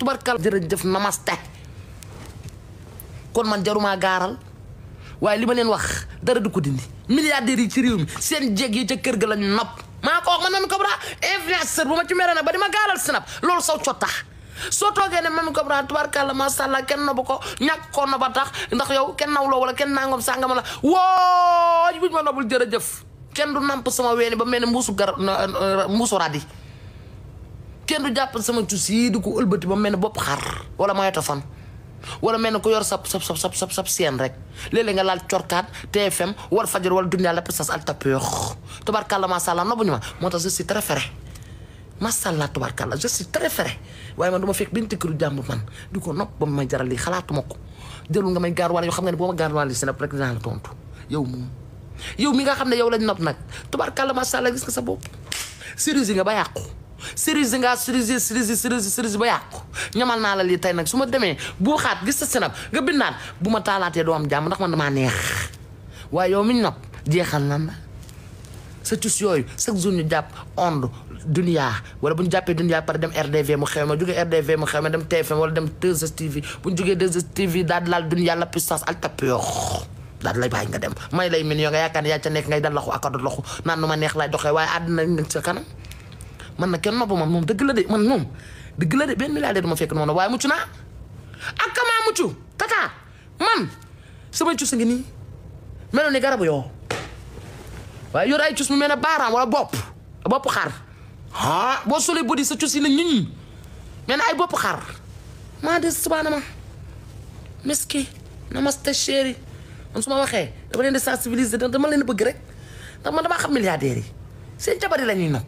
tubarkal jërëjëf namaste kon man jarumaa gaaral waaye li ma leen wax dara du ko dindi milliardaires yi ci réew mi seen jeg yi ca kër ga lañ nopp maa ko wax man Mamy Cobra ma ci mere na ba di ma gaaral snap loolu saw cottax soo toogee ne Mamy Cobra tubarkàlla macha allah kenn nobu ko ñàkk koo noba tax ndax yow kenn nawloo wala kenn nangam sàngama la woo buñ ma nobul jëf kenn du namp sama weeni ba mel ne mbuusu gar kenn du japp sama ci si du ko ulbeuti ba melni bop xar wala ta fan wala melni ko yor sap sap sap sap sap seen rek lele nga lal tiorkat TFM war fajar wala dunia la pesas al tapeur tabarakallah ma na bu ñu ma je suis très ferré masàlla tabarakallah je suis très ferré man duma fek binti benn tëkkiru jàmbur man du ko nopp ba may jarali lii xalaatuma ko nga may gar wala yo xam nga ne boo ma gaar la tontu yow yow mi nga xamne yow lañ gis nga sa bop sérieux nga ba yakku cerise nga cerise cerise cerise cerise ba yàqu ñamal naa la lii tey nag su ma demee boo xaat gis sa sinab nga bindaat bu ma taalaatee doo jàmm ndax man neex waaye yow miñ nopp jeexal nan la sa tus yooyu chaque jour ñu jàpp onde dunia wala bu ñu jàppee dunia pare dem rdv mu xew ma jógee rdv mu xew ma dem tfm wala dem 2STV bu ñu jógee 2STV daal di la puissance al tapiox daal lay bàyyi nga dem may lay min yoo nga yaakaar ne nekk ngay dal loxu ak a doon loxu naan nu ma neex lay doxee waaye àddina nga sa kanam man na kenn noppa man moom dëgg la de man moom dëgg la de benn milliardaire ma fekk noonu waaye mucc naa ak kamaa mucc tata man samay cus ngi nii meloon ni garabu yoo waaye yor ay cus mu mel ne baaraam wala bopp bopp xar ah boo solee bëri sa cus yi ne ñun mel ne ay bopp xar maa des subaana ma meski namaste chéri su ma waxee dama leen di sensibiliser dama leen bëgg rek ndax man xam milliardaires yi seen la ñuy nag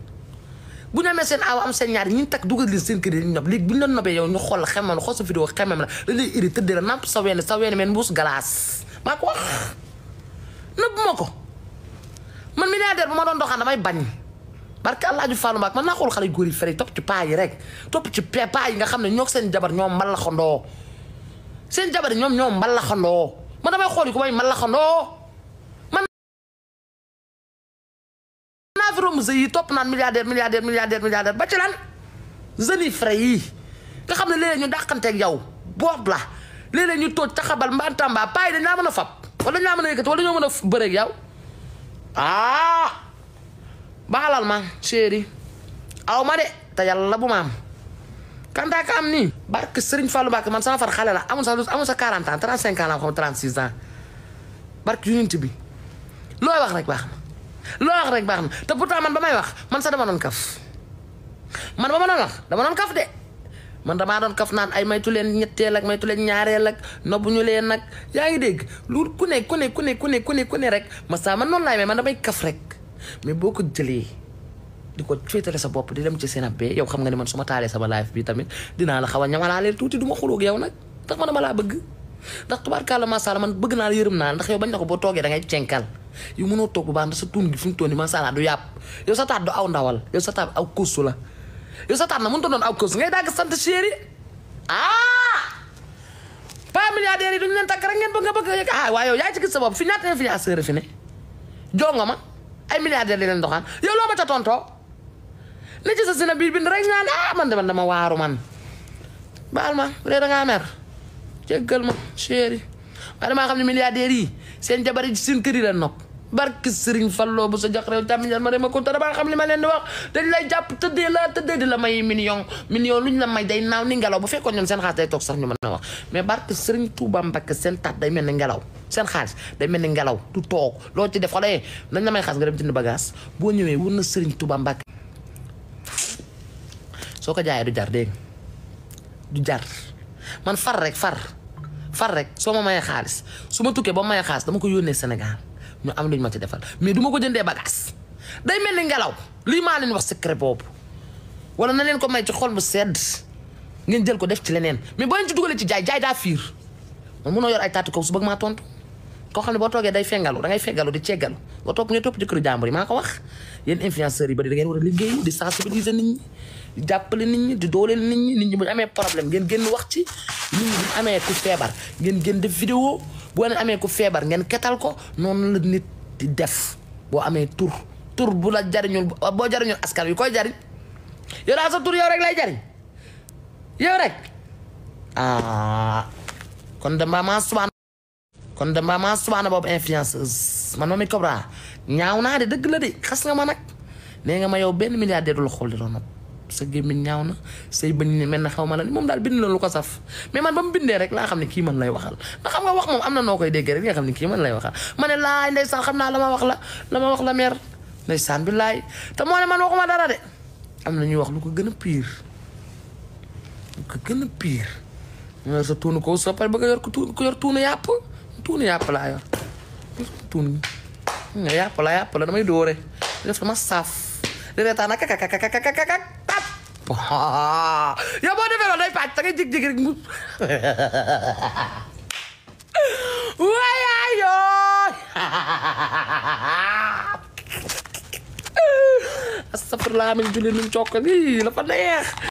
buñu amé sen seen am sen ñaar ñun tak duggal li sen kër ñop ñu buñu léegi bu yow ñu xol xemam xool fi do xemam la dañ lay iri tëdd la nap sawé ween sawé ween meen mbuus galaas maa ko wax nëbb ma ko man milliardaire bu ma doon doxaan damay bañ barke ju fallu mak man na xol xale yu góor yi fere top ci pa yi rek top ci paa yi nga xamné ñok sen jabar ñom mal la xondo sen jabar ñom ñom mal la xondo man damay xol ko may mal la xondo Hamza yi topp naan milliardaire milliardaire milliardaire milliardaire ba ci lan jeunes yi frais yi nga xam ne ñu léeg ak yow boob la léeg ñu toog taxabal mbantamba paa dañ laa mëna fap wala ñu laa mën wala ñu mëna bëre ak yow ah baalal ma chéri aw ma de ta yalla bu maam am kanta ka am ni barke Serigne Fallou barke man sama far xalé la amul sa amul sa 40 ans 35 ans la ko 36 ans barke yonent bi loy wax rek baxna loh wax rek baax na te pourtant man ba may wax man sa dama doon kaf man ba ma doon wax dama doon kaf de man dama doon kaf naan ay maytu leen ñetteel ak maytu leen ñaareel ak nobbu ñu leen nag yaa ngi dégg lu ku ne ku ne ku ne ku ne ku ne ku ne rek ma saa man noonu laay may man damay kaf rek mais boo ko jëlee di ko sa bopp di dem ci seen abbee yow xam nga ni man su ma taalee sama live bi tamit dinaa la xaw a ñamalaaleel tuuti du ma xuloog yow nag ndax man dama laa bëgg ndax tubaarkàlla macha allah man bëgg naa la yërëm naa ndax yow bañ na ko boo toogee da ngay cenkal yu mënoo toog ba baax na sa tuun gi fi mu toll nii macha allah du yàpp yow sa taat du aw ndawal yo sa taat aw kusu la yo sa na aw kusu ngay dag sante chéri ah pa milliardaires du duñu tak rek ngeen bëgg nga bëgg ah waaye yow yaa ci gis fi bopp fi ñaata influenceur fi ne jongo ma ay milliardaires leen doxan yo lo ma ta tonto ne ci sa sina bin rek ñaan ah man de nah, nah, man dama waru man baal ma bu da nga mer jéggal ma chéri waaye seen jabar ci seen keur yi la nok barke Serigne fallo bu sa jax réew càmmiñal ma ko kontaan ba xam li ma len wax dañ lay japp tëddee la tëddee di la may million million luñ la may day naaw ni ngalaw bu fekkoon ñoom seen xaar day tok sax ñu mëna wax mais barke Serigne Touba Mbacke seen tat day melni ngalaw seen day melni ngalaw du tok lo ci def nañ la may nga dem jënd bagage bo ñëwé wu na Serigne Touba Mbacke soko jaay du jar de du jar man far rek far far rek soo ma mayee xaalis su ma tukkee ba mayee xaalis dama ko yónnee Sénégal ñu am lu ñu ma ci defar mais duma ko jëndee bagage day mel ni ngelaw lii maa leen wax secret boobu wala na leen ko may ci xol bu sedd ngeen jël ko def ci leneen mais boo leen ci dugalee ci jaay jaay daa fiir mun a yor ay taatu kaw su bëgg maa tontu. ko xamne bo toge day fengalu da ngay fengalu di ciegal bo topp ngay top jëkkëru kru yi maa ko wax yeen influenceur yi bari da ngay wara liggey di sensibiliser nit ñi di jàppale nit ñi di dole nit ñi nit ñi bu amé problème ngeen genn wax ci nit ñi bu amé ku feebar ngeen genn def vidéo bu ene amé ku feebar ngeen ketal ko non la nit di def bo amé tur tur bu la jarignul bo jarignul askar yu koy jarign yow ya, daal sa tour yow ya, rek lay jarign yow ya, rek ah kon dama maa subaan kon dama subaana boobu influenceuse man Mamy Cobra ñaaw naa de dëgg la de xas nga ma nag nee nga ma yow benn milliardaire du la xool di ronab sa gémmiñ ñaaw na say bëñ ne na xaw ma la ni moom daal bind na lu ko saf mais man ba mu bindee rek laa xam ne kii man lay waxal na noo koy déggee rek nga xam ne man ma ne laay ndeysaan xam naa la ma wax la ma wax la mer ndeysaan bi laay te moo ne man waxuma dara de am na ñuy wax lu ko gën a pire lu ko gën a pire ñu yor sa tuunu ko soppal bëgg yor ko tuunu ko yor tuunu yàpp tuni ya pala yo tuni ya pelaya, ya namanya namanya dore dia sama saf dia dia tanah kakak kakak kakak kakak tap ya mau dia lagi dari patang jig jig wah ayo Astagfirullahaladzim, julin coklat, gila, lepas deh.